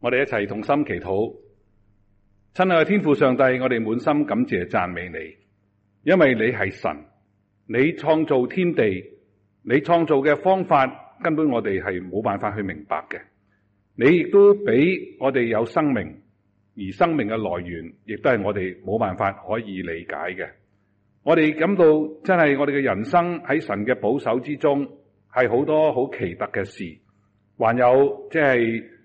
我哋一齊同心祈禱，親愛嘅天父上帝，我哋滿心感謝讚美你，因為你係神，你創造天地，你創造嘅方法根本我哋係冇辦法去明白嘅。你亦都俾我哋有生命，而生命嘅來源亦都係我哋冇辦法可以理解嘅。我哋感到真係我哋嘅人生喺神嘅保守之中係好多好奇特嘅事，還有即係。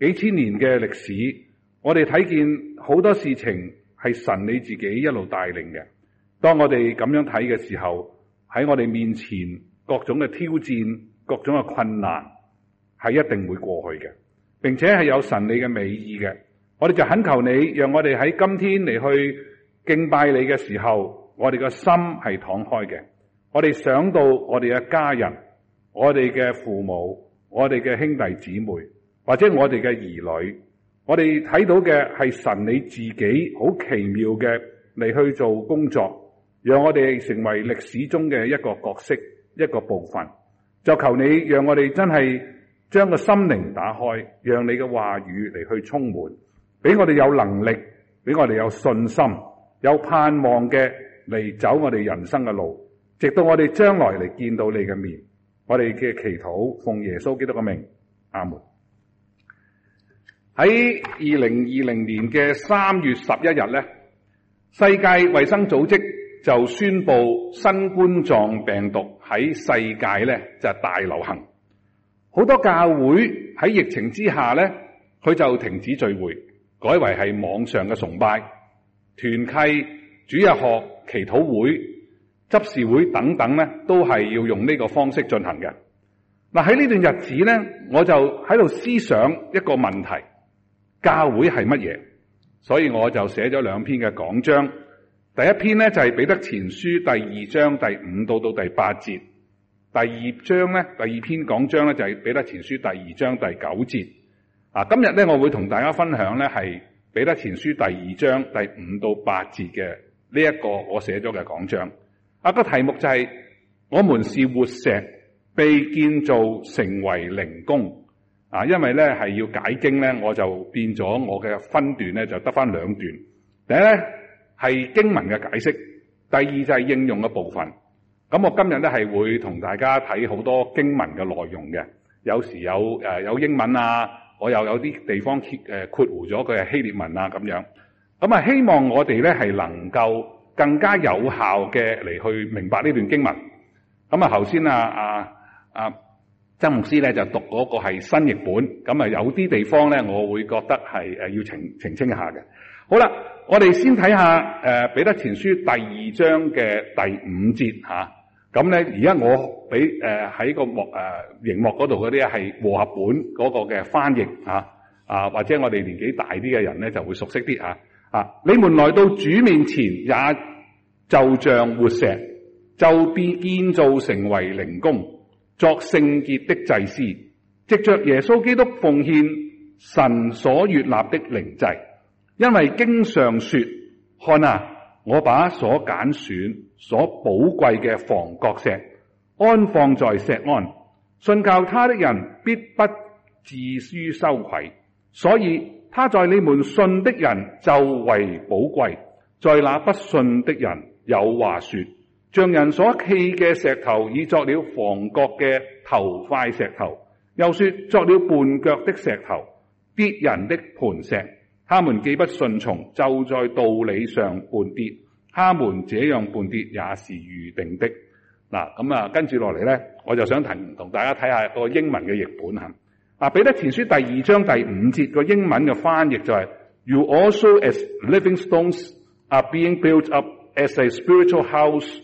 幾千年嘅歷史，我哋睇見好多事情係神你自己一路帶領嘅。當我哋咁樣睇嘅時候，喺我哋面前各種嘅挑戰、各種嘅困難，係一定會過去嘅，並且係有神你嘅美意嘅。我哋就懇求你，讓我哋喺今天嚟去敬拜你嘅時候，我哋個心係敞開嘅。我哋想到我哋嘅家人、我哋嘅父母、我哋嘅兄弟姊妹。或者我哋嘅兒女，我哋睇到嘅係神你自己，好奇妙嘅，嚟去做工作，讓我哋成為歷史中嘅一個角色，一個部分。就求你讓我哋真係將個心靈打開，讓你嘅話語嚟去充滿，俾我哋有能力，俾我哋有信心、有盼望嘅嚟走我哋人生嘅路，直到我哋將來嚟見到你嘅面。我哋嘅祈禱，奉耶穌基督嘅名。阿門。喺二零二零年嘅三月十一日咧，世界衛生組織就宣布新冠狀病毒喺世界咧就大流行。好多教會喺疫情之下咧，佢就停止聚會，改為係網上嘅崇拜、團契、主日學、祈禱會、執事會等等咧，都係要用呢個方式進行嘅。嗱，喺呢段日子咧，我就喺度思想一個問題。教會係乜嘢？所以我就寫咗兩篇嘅講章。第一篇呢、就是，就係彼得前書第二章第五到到第八節。第二章呢，第二篇講章呢、就是，就係彼得前書第二章第九節。啊，今日呢，我會同大家分享呢，係彼得前書第二章第五到八節嘅呢一個我寫咗嘅講章。一個題目就係、是、我們是活石，被建造成為靈宮。啊，因為咧係要解經咧，我就變咗我嘅分段咧就得返兩段。第一咧係經文嘅解釋，第二就係應用嘅部分。咁我今日咧係會同大家睇好多經文嘅內容嘅，有時有、呃、有英文啊，我又有啲地方誒括弧咗佢，係希臘文啊咁樣。咁、嗯、啊，希望我哋咧係能夠更加有效嘅嚟去明白呢段經文。咁、嗯、啊，頭先啊啊啊！啊.曾牧師咧就讀嗰個係新譯本，咁啊有啲地方咧，我會覺得係誒要澄澄清一下嘅。好啦，我哋先睇下誒《彼得前書》第二章嘅第五節嚇。咁咧，而家我俾誒喺個幕誒熒幕嗰度嗰啲係和合本嗰個嘅翻譯嚇啊，或者我哋年紀大啲嘅人咧就會熟悉啲啊啊！你們來到主面前，也就像活石，被建造成為靈宮。作聖潔的祭司，藉着耶穌基督奉獻神所悅納的靈祭。因為經上說，看啊，我把所揀選、所寶貴嘅房角石安放在錫安，信靠他的人必不至於羞愧。所以他在你們信的人就為寶貴，在那不信的人有話說。像人所棄嘅石頭，已作了房角嘅頭塊石頭。又說作了絆腳的石頭，跌人的磐石。他們既不順從，就在道理上絆跌。他們這樣絆跌，也是預定的。嗱，咁啊，跟住落嚟咧，我就想提同大家睇下個英文嘅譯本嚇。啊，彼得前書第二章第五節個英文嘅翻譯就係：You also as living stones are being built up as a spiritual house。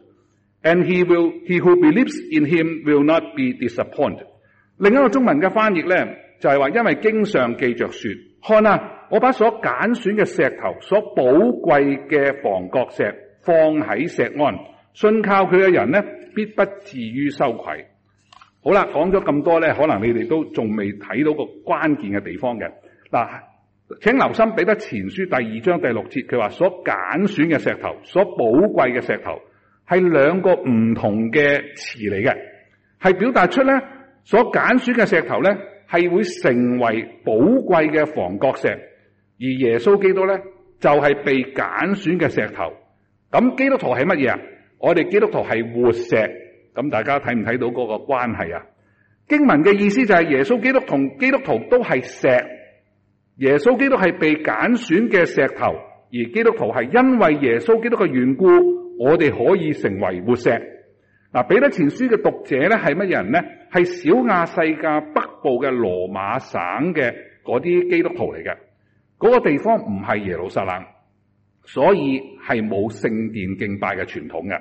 And he will, he who believes in him will not be disappointed。另一個中文嘅翻譯咧，就係話，因為經常記着說，看啊，我把所揀選嘅石頭，所寶貴嘅房角石，放喺錫安，信靠佢嘅人咧，必不至於羞愧。好啦，講咗咁多咧，可能你哋都仲未睇到個關鍵嘅地方嘅。嗱，請留心彼得前書第二章第六節，佢話所揀選嘅石頭，所寶貴嘅石頭。係兩個唔同嘅詞嚟嘅，係表達出咧所揀選嘅石頭咧係會成為寶貴嘅房角石，而耶穌基督咧就係被揀選嘅石頭。咁基督徒係乜嘢啊？我哋基督徒係活石。咁大家睇唔睇到嗰個關係啊？經文嘅意思就係耶穌基督同基督徒都係石，耶穌基督係被揀選嘅石頭，而基督徒係因為耶穌基督嘅緣故。我哋可以成為活石。嗱，彼得前書嘅讀者咧係乜人咧？係小亞細亞北部嘅羅馬省嘅嗰啲基督徒嚟嘅。嗰、那個地方唔係耶路撒冷，所以係冇聖殿敬拜嘅傳統嘅。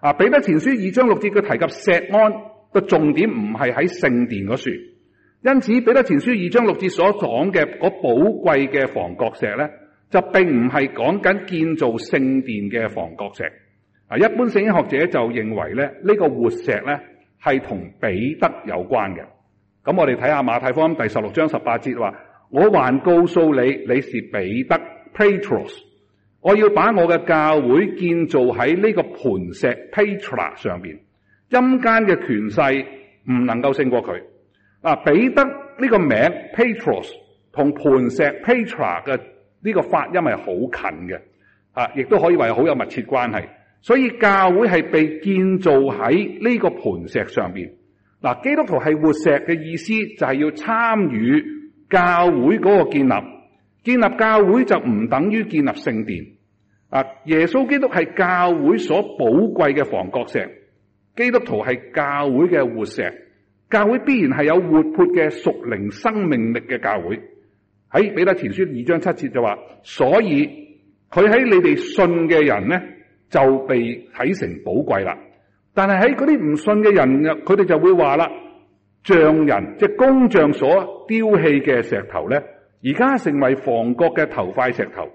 啊，彼得前書二章六節佢提及石安嘅重點唔係喺聖殿嗰處，因此彼得前書二章六節所講嘅嗰寶貴嘅房角石咧。就並唔係講緊建造聖殿嘅房角石，啊！一般聖經學者就認為咧，呢個活石咧係同彼得有關嘅。咁我哋睇下馬太福音第十六章十八節話：，我還告訴你，你是彼得 Petrus 我要把我嘅教會建造喺呢個盤石 Petra 上面，陰間嘅權勢唔能夠勝過佢。嗱，彼得呢個名 Petrus 同盤石 Petra 嘅。呢、這個發音係好近嘅，啊，亦都可以話好有密切關係。所以教會係被建造喺呢個磐石上邊。嗱，基督徒係活石嘅意思就係要參與教會嗰個建立。建立教會就唔等於建立聖殿。啊，耶穌基督係教會所寶貴嘅房角石。基督徒係教會嘅活石。教會必然係有活潑嘅屬靈生命力嘅教會。喺彼得前書二章七節就話，所以佢喺你哋信嘅人咧，就被睇成寶貴啦。但係喺嗰啲唔信嘅人，佢哋就會話啦，匠人即係工匠所丟棄嘅石頭咧，而家成為房角嘅頭塊石頭。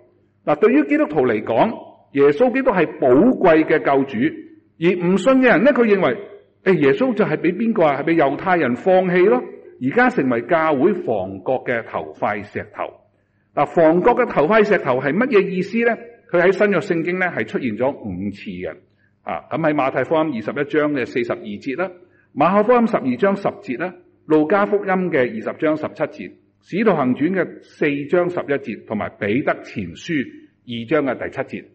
嗱，對於基督徒嚟講，耶穌基督係寶貴嘅救主，而唔信嘅人咧，佢認為誒、哎、耶穌就係俾邊個啊？係俾猶太人放棄咯。而家成為教會房角嘅頭塊石頭。嗱，房角嘅頭塊石頭係乜嘢意思咧？佢喺新約聖經咧係出現咗五次嘅。啊，咁喺馬太福音二十一章嘅四十二節啦，馬可福音十二章十節啦，路加福音嘅二十章十七節，使徒行傳嘅四章十一節，同埋彼得前書二章嘅第七節。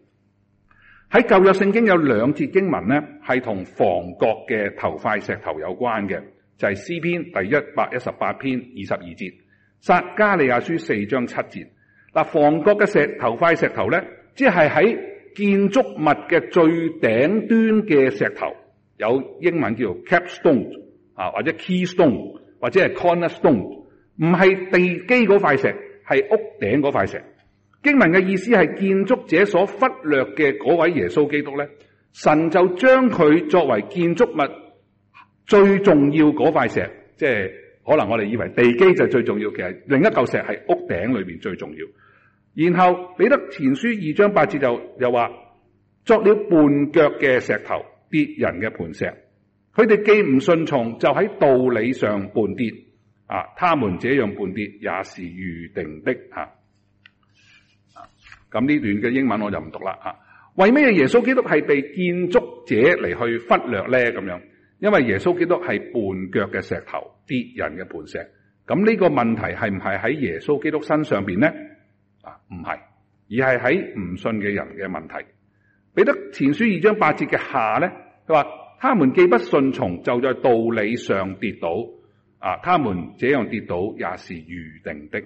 喺舊約聖經有兩節經文咧，係同房角嘅頭塊石頭有關嘅。就係詩篇第一百一十八篇二十二節，撒迦利亞書四章七節。嗱，房角嘅石頭塊石頭咧，即係喺建築物嘅最頂端嘅石頭，有英文叫做 capstone 啊，或者 keystone，或者係 cornerstone，唔係地基嗰塊石，係屋頂嗰塊石。經文嘅意思係建築者所忽略嘅嗰位耶穌基督咧，神就將佢作為建築物最重要嗰塊石，即係可能我哋以為地基就是最重要，其實另一嚿石係屋頂裏邊最重要。然後彼得前書二章八節就又話，作了絆腳嘅石頭跌人嘅磐石，佢哋既唔順從，就喺道理上絆跌啊！他們這樣絆跌也是預定的啊！咁呢段嘅英文我就唔讀啦啊！為咩耶穌基督係被建築者嚟去忽略咧？咁樣？因為耶穌基督係絆腳嘅石頭，跌人嘅磐石。咁呢個問題係唔係喺耶穌基督身上面呢？啊，唔係，而係喺唔信嘅人嘅問題。彼得前書二章八節嘅下呢，佢話：他們既不信從，就在道理上跌倒。啊，他們這樣跌倒，也是預定的。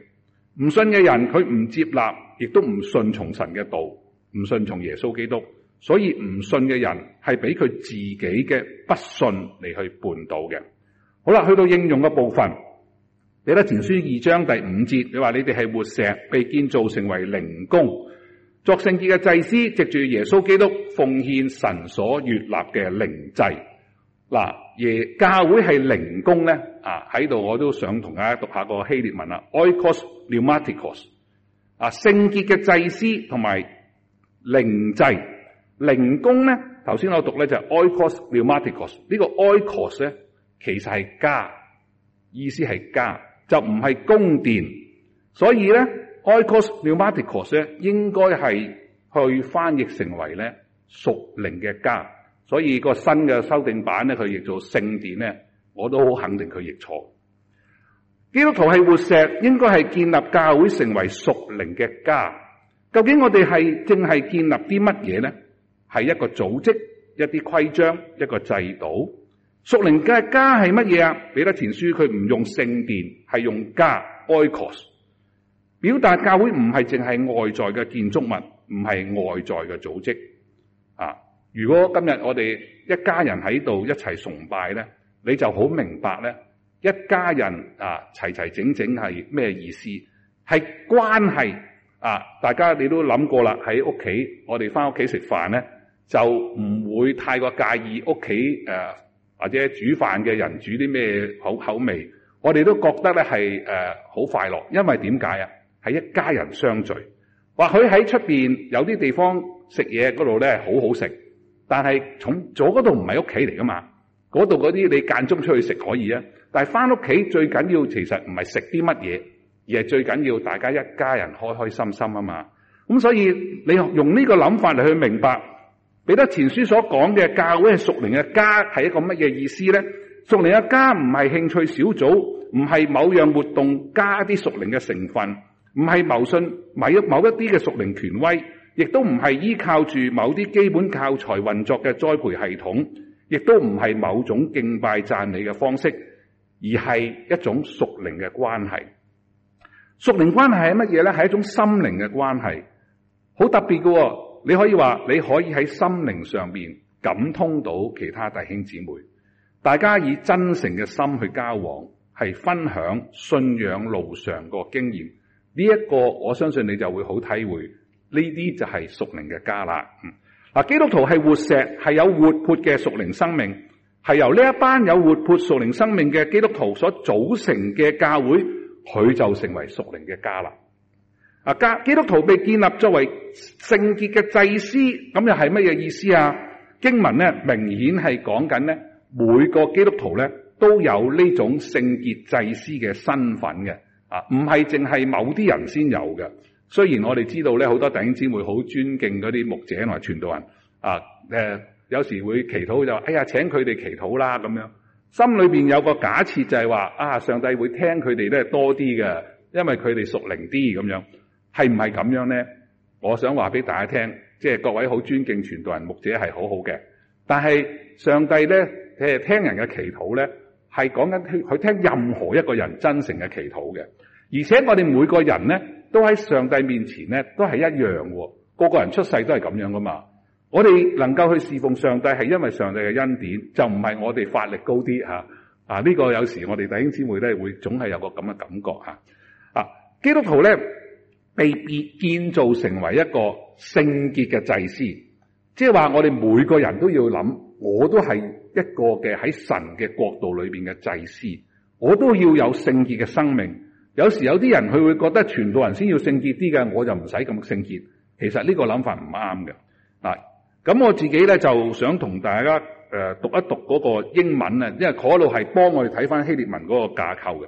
唔信嘅人，佢唔接納，亦都唔順從神嘅道，唔順從耶穌基督。所以唔信嘅人係俾佢自己嘅不信嚟去絆倒嘅。好啦，去到應用嘅部分，彼得前書二章第五節，你話你哋係活石，被建造成為靈宮，作聖潔嘅祭司，藉住耶穌基督奉獻神所悅納嘅靈祭。嗱，耶教會係靈宮咧啊，喺度我都想同大家讀下個希列文啦 oikos pneumatikos 啊，聖潔嘅祭司同埋靈祭。靈宮咧，頭先我讀咧就係 Oikos Pneumatikos 呢個 Oikos 咧，其實係家，意思係家，就唔係宮殿，所以咧 Oikos Pneumatikos 咧應該係去翻譯成為咧屬靈嘅家，所以個新嘅修訂版咧佢譯做聖殿咧，我都好肯定佢譯錯。基督徒係活石，應該係建立教會成為屬靈嘅家。究竟我哋係淨係建立啲乜嘢咧？係一個組織，一啲規章，一個制度。屬靈嘅家係乜嘢啊？彼得前書佢唔用聖殿，係用家 Oikos，表達教會唔係淨係外在嘅建築物，唔係外在嘅組織。啊，如果今日我哋一家人喺度一齊崇拜咧，你就好明白咧，一家人啊齊齊整整係咩意思？係關係啊！大家你都諗過啦，喺屋企我哋翻屋企食飯咧。就唔會太過介意屋企，誒，或者煮飯嘅人煮啲咩口口味，我哋都覺得咧係誒好快樂，因為點解啊？係一家人相聚，或許喺出面有啲地方食嘢嗰度咧好好食，但係從左嗰度唔係屋企嚟噶嘛，嗰度嗰啲你間中出去食可以啊，但係翻屋企最緊要其實唔係食啲乜嘢，而係最緊要大家一家人開開心心啊嘛。咁所以你用呢個諗法嚟去明白。彼得前書所講嘅教會係屬靈嘅家係一個乜嘢意思咧？屬靈嘅家唔係興趣小組，唔係某樣活動加啲屬靈嘅成分，唔係謀信某某一啲嘅屬靈權威，亦都唔係依靠住某啲基本教材運作嘅栽培系統，亦都唔係某種敬拜讚美嘅方式，而係一種屬靈嘅關係。屬靈關係係乜嘢咧？係一種心靈嘅關係，好特別嘅、啊。你可以話，你可以喺心靈上面感通到其他弟兄姊妹，大家以真誠嘅心去交往，係分享信仰路上個經驗。呢一個我相信你就會好體會。呢啲就係屬靈嘅家啦。嗱，基督徒係活石，係有活潑嘅屬靈生命，係由呢一班有活潑屬靈生命嘅基督徒所組成嘅教會，佢就成為屬靈嘅家啦。啊！加基督徒被建立作為聖潔嘅祭司，咁又係乜嘢意思啊？經文咧明顯係講緊咧，每個基督徒咧都有呢種聖潔祭司嘅身份嘅，啊，唔係淨係某啲人先有嘅。雖然我哋知道咧，好多弟兄姊妹好尊敬嗰啲牧者同埋傳道人，啊，誒，有時會祈禱就，哎呀，請佢哋祈禱啦咁樣。心裏邊有個假設就係話，啊，上帝會聽佢哋咧多啲嘅，因為佢哋熟靈啲咁樣。係唔係咁樣呢？我想話俾大家聽，即係各位好尊敬傳道人牧者係好好嘅。但係上帝呢，佢聽人嘅祈禱呢，係講緊去聽任何一個人真誠嘅祈禱嘅。而且我哋每個人呢，都喺上帝面前呢，都係一樣喎。個個人出世都係咁樣噶嘛。我哋能夠去侍奉上帝，係因為上帝嘅恩典，就唔係我哋法力高啲吓。啊，呢個有時我哋弟兄姊妹呢，會總係有個咁嘅感覺吓啊。基督徒呢。被建造成為一個聖潔嘅祭司，即係話我哋每個人都要諗，我都係一個嘅喺神嘅國度裏邊嘅祭司，我都要有聖潔嘅生命。有時有啲人佢會覺得傳道人先要聖潔啲嘅，我就唔使咁聖潔。其實呢個諗法唔啱嘅嗱。咁我自己咧就想同大家誒讀一讀嗰個英文啊，因為可路係幫我哋睇翻希臘文嗰個架構嘅。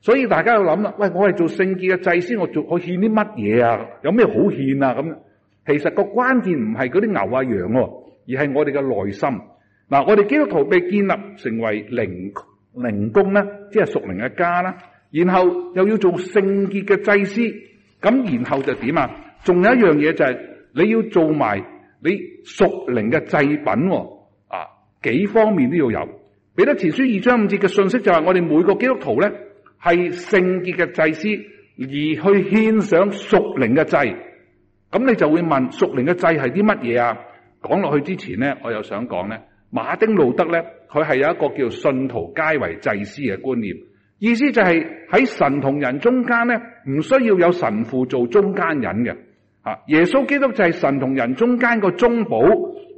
所以大家要諗啦，喂，我係做聖潔嘅祭司，我做我獻啲乜嘢啊？有咩好獻啊？咁，其實個關鍵唔係嗰啲牛啊羊喎，啊，而係我哋嘅內心。嗱，我哋基督徒被建立成為靈靈宮咧，即係屬靈嘅家啦。然後又要做聖潔嘅祭司，咁然後就點啊？仲有一樣嘢就係你要做埋你屬靈嘅祭品喎。啊，幾方面都要有。彼得前書二章五節嘅信息就係我哋每個基督徒咧。係聖潔嘅祭司，而去獻上屬靈嘅祭。咁你就會問：屬靈嘅祭係啲乜嘢啊？講落去之前咧，我又想講咧，馬丁路德咧，佢係有一個叫信徒皆為祭司嘅觀念，意思就係喺神同人中間咧，唔需要有神父做中間人嘅。啊，耶穌基督就係神同人中間個中保，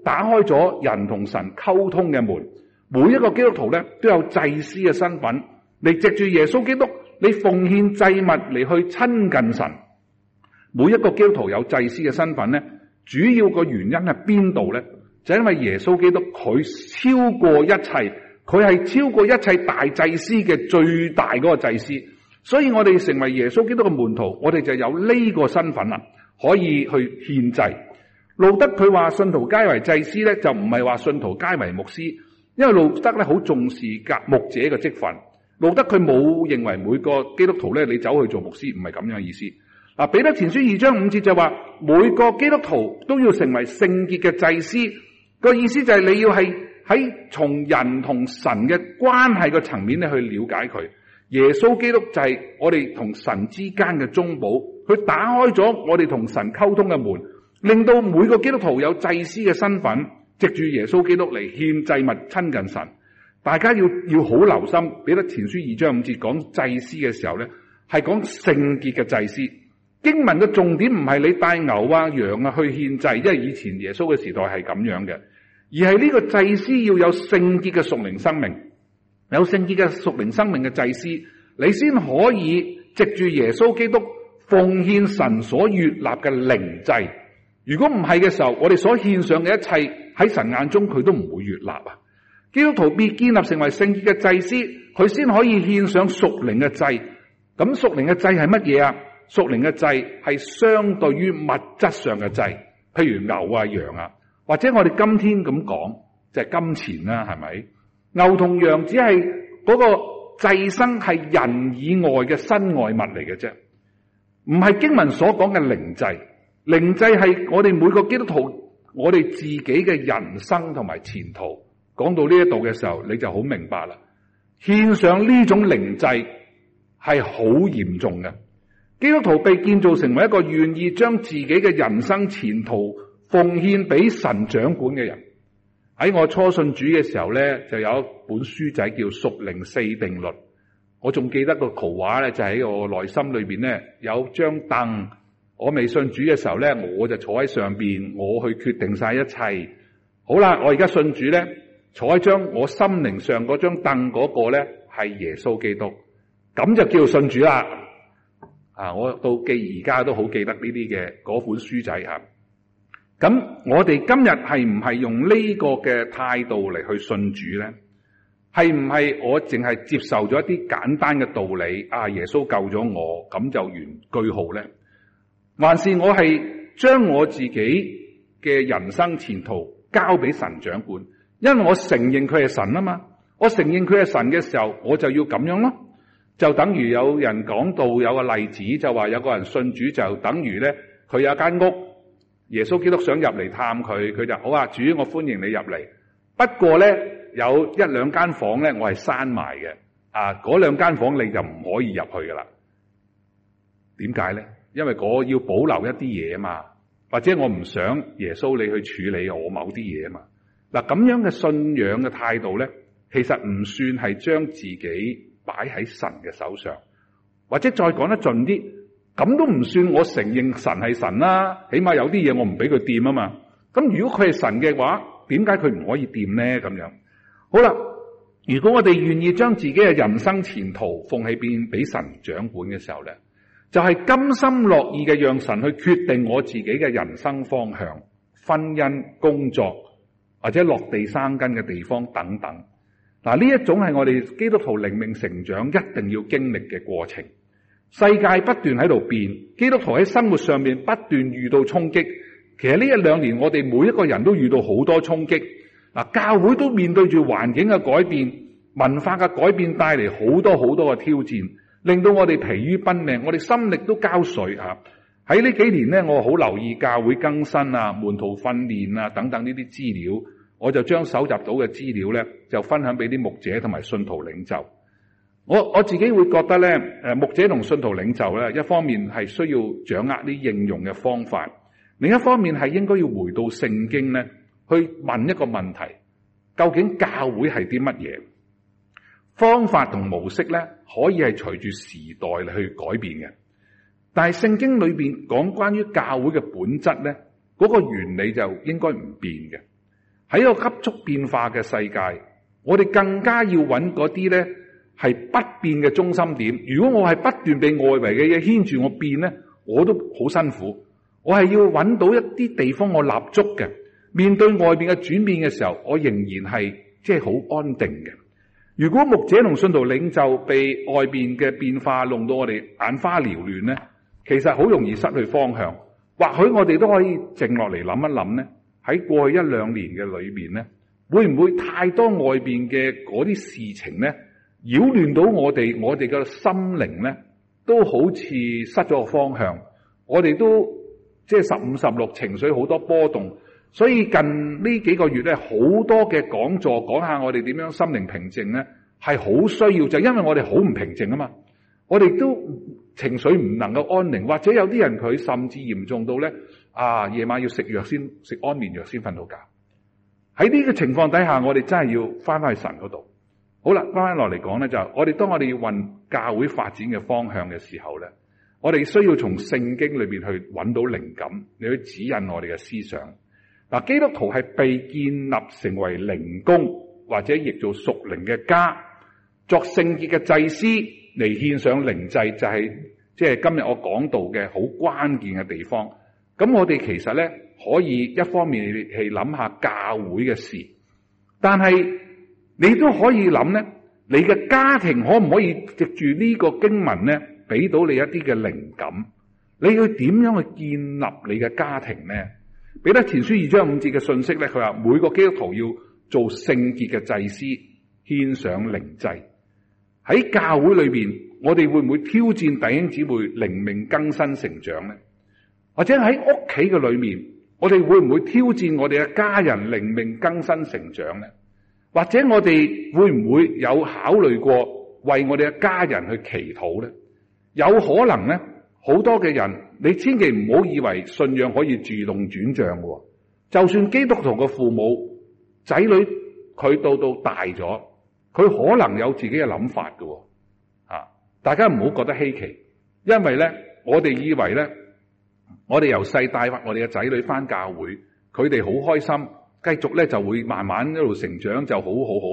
打開咗人同神溝通嘅門。每一個基督徒咧，都有祭司嘅身份。你藉住耶穌基督，你奉獻祭物嚟去親近神。每一個基督徒有祭司嘅身份咧，主要個原因係邊度咧？就因為耶穌基督佢超過一切，佢係超過一切大祭司嘅最大嗰個祭司。所以我哋成為耶穌基督嘅門徒，我哋就有呢個身份啦，可以去獻祭。路德佢話：信徒皆為祭司咧，就唔係話信徒皆為牧師，因為路德咧好重視個牧者嘅職份。路德，佢冇認為每個基督徒你走去做牧師，唔係咁樣的意思。彼得前書二章五節就話每個基督徒都要成為聖潔嘅祭司，個意思就係你要係喺從人同神嘅關係個層面去了解佢。耶穌基督就係我哋同神之間嘅中保，佢打開咗我哋同神溝通嘅門，令到每個基督徒有祭司嘅身份，藉住耶穌基督嚟獻祭物親近神。大家要要好留心，彼得前書二章五節講祭司嘅時候咧，係講聖潔嘅祭司。經文嘅重點唔係你帶牛啊羊啊去獻祭，因為以前耶穌嘅時代係咁樣嘅，而係呢個祭司要有聖潔嘅屬靈生命，有聖潔嘅屬靈生命嘅祭司，你先可以藉住耶穌基督奉獻神所悅納嘅靈祭。如果唔係嘅時候，我哋所獻上嘅一切喺神眼中佢都唔會悅納啊！基督徒必建立成為聖潔嘅祭司，佢先可以獻上屬靈嘅祭。咁屬靈嘅祭係乜嘢啊？屬靈嘅祭係相對於物質上嘅祭，譬如牛啊、羊啊，或者我哋今天咁講，就係金錢啦，係咪？牛同羊只係嗰個祭牲係人以外嘅身外物嚟嘅啫，唔係經文所講嘅靈祭。靈祭係我哋每個基督徒，我哋自己嘅人生同埋前途。講到呢一度嘅時候，你就好明白啦。獻上呢種靈祭係好嚴重嘅。基督徒被建造成為一個願意將自己嘅人生前途奉獻俾神掌管嘅人。喺我初信主嘅時候咧，就有一本書仔叫《屬靈四定律》。我仲記得個圖畫咧，就喺、是、我內心裏邊咧有張凳。我未信主嘅時候咧，我就坐喺上邊，我去決定晒一切。好啦，我而家信主咧。坐喺張我心靈上嗰張凳嗰個咧係耶穌基督，咁就叫信主啦。啊，我到記而家都好記得呢啲嘅嗰本書仔吓。咁、啊、我哋今日係唔係用呢個嘅態度嚟去信主咧？係唔係我淨係接受咗一啲簡單嘅道理啊？耶穌救咗我，咁就完句號咧？還是我係將我自己嘅人生前途交俾神掌管？因為我承認佢係神啊嘛，我承認佢係神嘅時候，我就要咁樣咯。就等於有人講到有個例子，就話有個人信主就等於咧，佢有一間屋，耶穌基督想入嚟探佢，佢就好啊。主，我歡迎你入嚟。不過咧，有一兩間房咧，我係閂埋嘅。啊，嗰兩間房你就唔可以入去噶啦。點解咧？因為我要保留一啲嘢嘛，或者我唔想耶穌你去處理我某啲嘢啊嘛。嗱，咁樣嘅信仰嘅態度咧，其實唔算係將自己擺喺神嘅手上，或者再講得盡啲，咁都唔算我承認神係神啦。起碼有啲嘢我唔俾佢掂啊嘛。咁如果佢係神嘅話，點解佢唔可以掂呢？咁樣好啦。如果我哋願意將自己嘅人生前途放喺邊俾神掌管嘅時候咧，就係甘心樂意嘅讓神去決定我自己嘅人生方向、婚姻、工作。或者落地生根嘅地方等等，嗱，呢一種係我哋基督徒靈命成長一定要經歷嘅過程。世界不斷喺度變，基督徒喺生活上面不斷遇到衝擊。其實呢一兩年我哋每一個人都遇到好多衝擊，嗱，教會都面對住環境嘅改變、文化嘅改變帶嚟好多好多嘅挑戰，令到我哋疲於奔命，我哋心力都交瘁啊。喺呢幾年咧，我好留意教會更新啊、門徒訓練啊等等呢啲資料，我就將搜集到嘅資料咧，就分享俾啲牧者同埋信徒領袖。我我自己會覺得咧，誒，牧者同信徒領袖咧，一方面係需要掌握啲應用嘅方法，另一方面係應該要回到聖經咧，去問一個問題：究竟教會係啲乜嘢？方法同模式咧，可以係隨住時代去改變嘅。但係聖經裏邊講關於教會嘅本質咧，嗰個原理就應該唔變嘅。喺個急速變化嘅世界，我哋更加要揾嗰啲咧係不變嘅中心點。如果我係不斷被外圍嘅嘢牽住我變咧，我都好辛苦。我係要揾到一啲地方我立足嘅。面對外邊嘅轉變嘅時候，我仍然係即係好安定嘅。如果牧者同信徒領袖被外邊嘅變化弄到我哋眼花繚亂咧，其實好容易失去方向，或許我哋都可以靜落嚟諗一諗呢喺過去一兩年嘅裏面呢會唔會太多外邊嘅嗰啲事情呢？擾亂到我哋我哋嘅心靈呢都好似失咗個方向。我哋都即係十五十六，情緒好多波動。所以近呢幾個月呢，好多嘅講座講下我哋點樣心靈平靜呢？係好需要，就因為我哋好唔平靜啊嘛。我哋都。情緒唔能夠安寧，或者有啲人佢甚至嚴重到咧，啊夜晚要食藥先，食安眠藥先瞓到覺。喺呢個情況底下，我哋真係要翻翻去神嗰度。好啦，翻翻落嚟講咧，就係我哋當我哋要運教會發展嘅方向嘅時候咧，我哋需要從聖經裏邊去揾到靈感，你去指引我哋嘅思想。嗱，基督徒係被建立成為靈宮，或者亦做屬靈嘅家，作聖潔嘅祭司。嚟獻上靈祭，就係即係今日我講到嘅好關鍵嘅地方。咁我哋其實咧可以一方面係諗下教會嘅事，但係你都可以諗咧，你嘅家庭可唔可以藉住呢個經文咧，俾到你一啲嘅靈感？你要點樣去建立你嘅家庭咧？彼得前書二章五節嘅信息咧，佢話每個基督徒要做聖潔嘅祭司，獻上靈祭。喺教會裏邊，我哋會唔會挑戰弟兄姊妹靈命更新成長咧？或者喺屋企嘅裏面，我哋會唔會挑戰我哋嘅家人靈命更新成長咧？或者我哋會唔會有考慮過為我哋嘅家人去祈禱咧？有可能咧，好多嘅人，你千祈唔好以為信仰可以自動轉賬㗎。就算基督徒嘅父母仔女，佢到到大咗。佢可能有自己嘅諗法嘅，啊！大家唔好覺得稀奇，因為咧，我哋以為咧，我哋由細帶翻我哋嘅仔女翻教會，佢哋好開心，繼續咧就會慢慢一路成長，就好好好。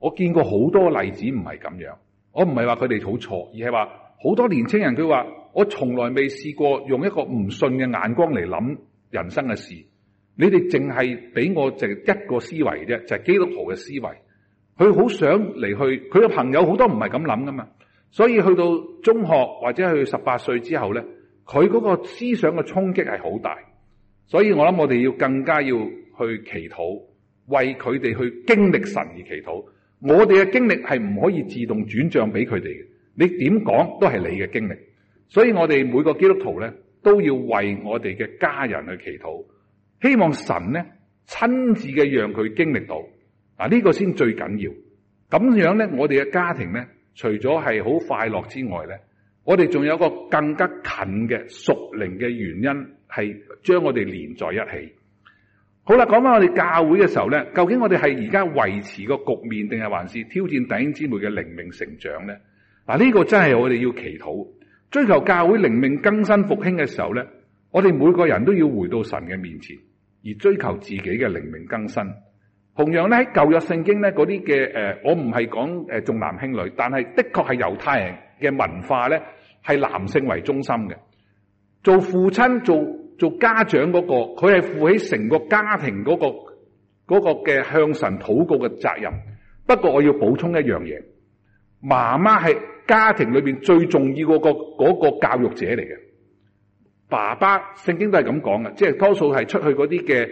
我見過好多例子唔係咁樣，我唔係話佢哋好錯，而係話好多年青人，佢話我從來未試過用一個唔信嘅眼光嚟諗人生嘅事。你哋淨係俾我一個思維啫，就係基督徒嘅思維。佢好想嚟去，佢嘅朋友好多唔係咁諗噶嘛，所以去到中學或者去十八歲之後呢，佢嗰個思想嘅衝擊係好大，所以我諗我哋要更加要去祈禱，為佢哋去經歷神而祈禱。我哋嘅經歷係唔可以自動轉賬俾佢哋嘅，你點講都係你嘅經歷。所以我哋每個基督徒呢，都要為我哋嘅家人去祈禱，希望神呢親自嘅讓佢經歷到。嗱，呢個先最緊要，咁樣咧，我哋嘅家庭咧，除咗係好快樂之外咧，我哋仲有個更加近嘅屬靈嘅原因，係將我哋連在一起。好啦，講翻我哋教會嘅時候咧，究竟我哋係而家維持個局面，定係還是挑戰弟兄姊妹嘅靈命成長咧？嗱，呢個真係我哋要祈禱，追求教會靈命更新復興嘅時候咧，我哋每個人都要回到神嘅面前，而追求自己嘅靈命更新。同樣咧，喺舊約聖經咧，嗰啲嘅誒，我唔係講誒重男輕女，但係的確係猶太人嘅文化咧，係男性為中心嘅。做父親、做做家長嗰、嗰個，佢係負起成個家庭嗰、嗰個嘅、嗰個、向神禱告嘅責任。不過我要補充一樣嘢，媽媽係家庭裏邊最重要嗰、嗰個嗰個教育者嚟嘅。爸爸聖經都係咁講嘅，即係多數係出去嗰啲嘅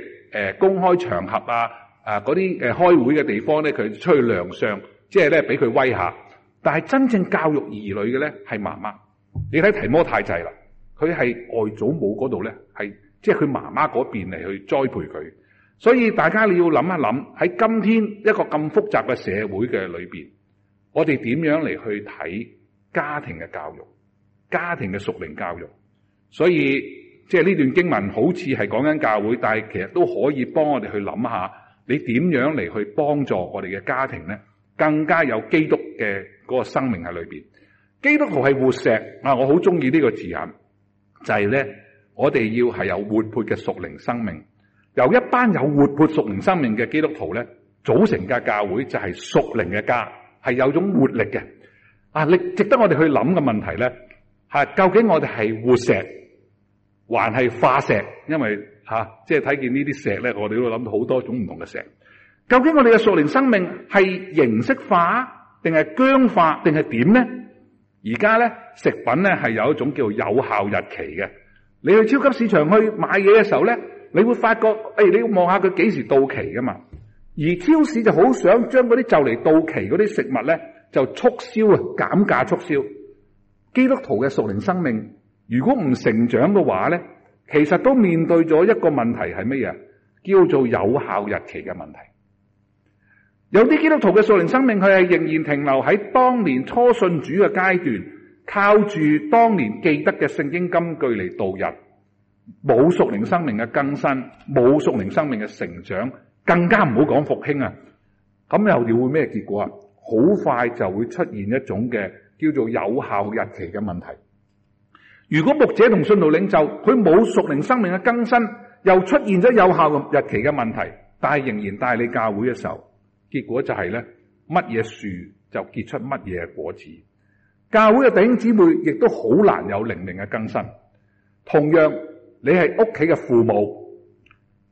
誒公開場合啊。啊！嗰啲誒開會嘅地方咧，佢出去亮相，即係咧俾佢威下。但係真正教育兒女嘅咧，係媽媽。你睇提摩太祭啦，佢係外祖母嗰度咧，係即係佢媽媽嗰邊嚟去栽培佢。所以大家你要諗一諗喺今天一個咁複雜嘅社會嘅裏邊，我哋點樣嚟去睇家庭嘅教育、家庭嘅屬靈教育？所以即係呢段經文好似係講緊教會，但係其實都可以幫我哋去諗下。你點樣嚟去幫助我哋嘅家庭咧？更加有基督嘅嗰個生命喺裏邊。基督徒係活石啊！我好中意呢個字眼，就係、是、咧，我哋要係有活潑嘅屬靈生命。由一班有活潑屬靈生命嘅基督徒咧，組成嘅教會，就係屬靈嘅家，係有種活力嘅。啊，你值得我哋去諗嘅問題咧，係究竟我哋係活石，還係化石？因為吓、啊，即係睇見呢啲石咧，我哋都會諗到好多種唔同嘅石。究竟我哋嘅屬靈生命係形式化，定係僵化，定係點咧？而家咧，食品咧係有一種叫有效日期嘅。你去超級市場去買嘢嘅時候咧，你會發覺，誒、哎，你要望下佢幾時到期噶嘛？而超市就好想將嗰啲就嚟到期嗰啲食物咧，就促銷啊，減價促銷。基督徒嘅屬靈生命如果唔成長嘅話咧？其實都面對咗一個問題係乜嘢？叫做有效日期嘅問題。有啲基督徒嘅屬靈生命佢係仍然停留喺當年初信主嘅階段，靠住當年記得嘅聖經金句嚟度日，冇屬靈生命嘅更新，冇屬靈生命嘅成長，更加唔好講復興啊！咁又會咩結果啊？好快就會出現一種嘅叫做有效日期嘅問題。如果牧者同信徒領袖佢冇屬靈生命嘅更新，又出現咗有效日期嘅問題，但係仍然帶你教會嘅時候，結果就係咧乜嘢樹就結出乜嘢果子。教會嘅弟兄姊妹亦都好難有靈命嘅更新。同樣，你係屋企嘅父母，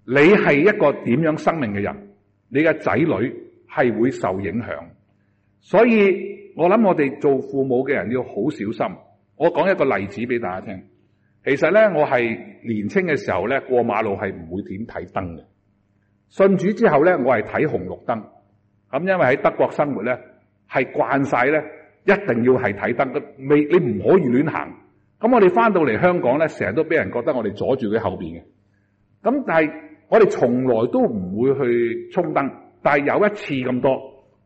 你係一個點樣生命嘅人，你嘅仔女係會受影響。所以我諗，我哋做父母嘅人要好小心。我講一個例子俾大家聽，其實咧我係年青嘅時候咧過馬路係唔會點睇燈嘅，信主之後咧我係睇紅綠燈，咁因為喺德國生活咧係慣晒咧一定要係睇燈，未你唔可以亂行。咁我哋返到嚟香港咧，成日都俾人覺得我哋阻住佢後邊嘅。咁但係我哋從來都唔會去衝燈，但係有一次咁多，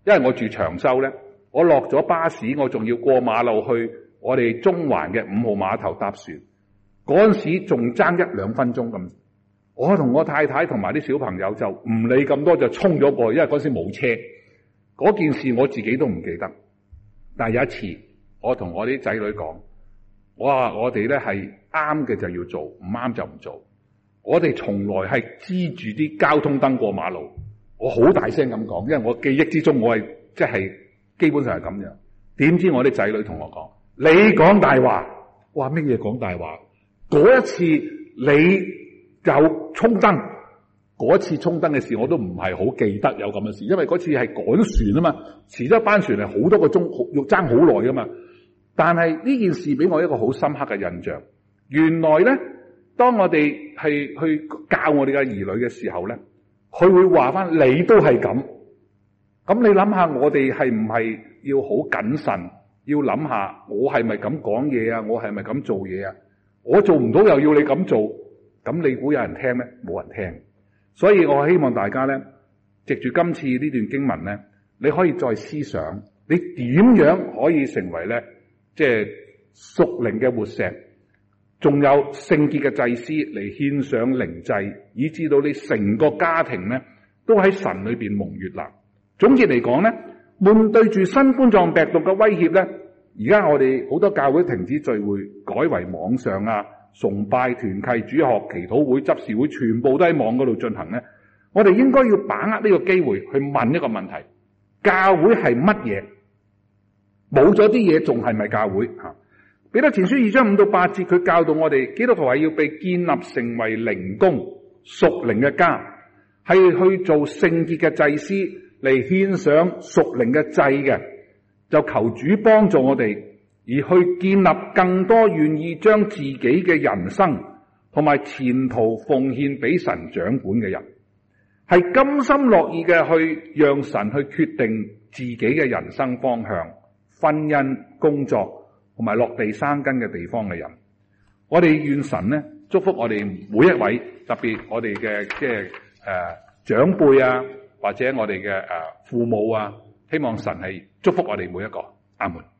因為我住長洲咧，我落咗巴士我仲要過馬路去。我哋中環嘅五號碼頭搭船，嗰陣時仲爭一兩分鐘咁。我同我太太同埋啲小朋友就唔理咁多，就衝咗過去。因為嗰時冇車，嗰件事我自己都唔記得。但係有一次，我同我啲仔女講：哇！我哋咧係啱嘅就要做，唔啱就唔做。我哋從來係支住啲交通燈過馬路。我好大聲咁講，因為我記憶之中我係，我係即係基本上係咁樣。點知我啲仔女同我講。你講大話，話乜嘢講大話？嗰一次你有衝燈，嗰一次衝燈嘅事我都唔係好記得有咁嘅事，因為嗰次係趕船啊嘛，遲咗班船係好多個鐘，要爭好耐噶嘛。但係呢件事俾我一個好深刻嘅印象，原來咧，當我哋係去教我哋嘅兒女嘅時候咧，佢會話返你都係咁。咁你諗下，我哋係唔係要好謹慎？要諗下，我係咪咁講嘢啊？我係咪咁做嘢啊？我做唔到又要你咁做，咁你估有人聽咩？冇人聽。所以我希望大家咧，藉住今次呢段經文咧，你可以再思想，你點樣可以成為咧，即係屬靈嘅活石，仲有聖潔嘅祭司嚟獻上靈祭，以至到你成個家庭咧，都喺神裏邊蒙悅納。總結嚟講咧。面對住新冠狀病毒嘅威脅咧，而家我哋好多教會停止聚會，改為網上啊崇拜、團契、主學、祈禱會、執事會，全部都喺網嗰度進行咧。我哋應該要把握呢個機會去問一個問題：教會係乜嘢？冇咗啲嘢，仲係咪教會？哈！彼得前書二章五到八節，佢教導我哋，基督徒係要被建立成為靈宮、屬靈嘅家，係去做聖潔嘅祭司。嚟獻上屬靈嘅祭嘅。就求主幫助我哋，而去建立更多願意將自己嘅人生同埋前途奉獻俾神掌管嘅人，係甘心樂意嘅去讓神去決定自己嘅人生方向、婚姻、工作同埋落地生根嘅地方嘅人。我哋願神呢祝福我哋每一位，特別我哋嘅即係誒長輩啊，或者我哋嘅父母啊，希望神係祝福我哋每一個，阿門。